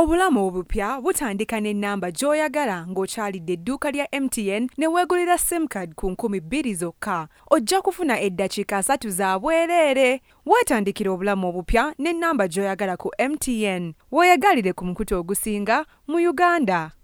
obulamu obupya butandika n'ennamba gy'oyagala ng'okyalidde edduuka lya mtn ne weegulira simcard ku 1 zokka ojja kufuna eddakiika 3 za bwereere weetandikira obulamu obupya n'ennamba gy'oyagala ku mtn weeyagalire ku mukutu ogusinga mu uganda